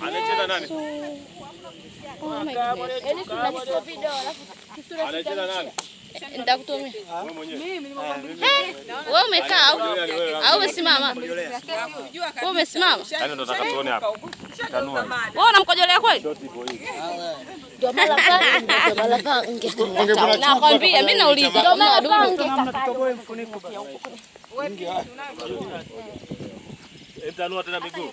Anacheza nani? Oh my God. Yaani tunakutoa video alafu kisura Anacheza nani? Nitakutumia. Mimi nimemwambia. Wewe umekaa au au umesimama? Wewe umesimama? Yaani ndo nataka tuone hapa. Tanua. Wewe unamkojolea kweli? Nakwambia mimi nauliza. Ndio mara pange. Tanua tena miguu.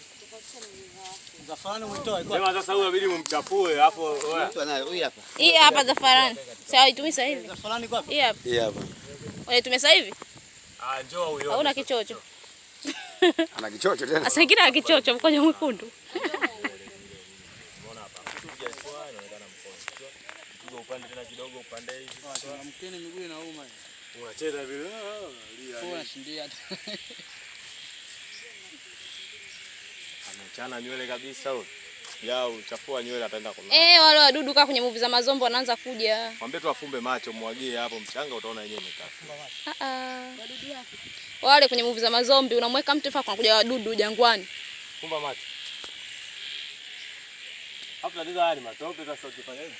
Sema sasa huyu inabidi mumchapue hapo. Huyu hapa. Hii hapa Sawa itumie sasa hivi. Zafarani kwa hapa? Hii hapa. Hii hapa. Unaitumia sasa hivi? Ah, njoo huyo. Hauna kichocho. Ana kichocho tena. Sasa kile kichocho mkojo mwekundu. Unaona hapa. Inaonekana mkojo. Piga upande tena kidogo upande hivi. Mkeni miguu inauma. Unacheza vile. Ah, ah, ah, Unashindia. Chana nywele kabisa huyo. Ya uchafua nywele ataenda kuna. Eh, wale wadudu kaa kwenye muvi za mazombo wanaanza kuja. Mwambie tu afumbe macho mwagie hapo mchanga utaona yenyewe imekaa. Ah ah. Wadudu wapi? Wale kwenye muvi za mazombi unamweka mtu faka kunakuja wadudu jangwani. Fumba macho. Hapo ndio hali matope sasa ukifanya hivi.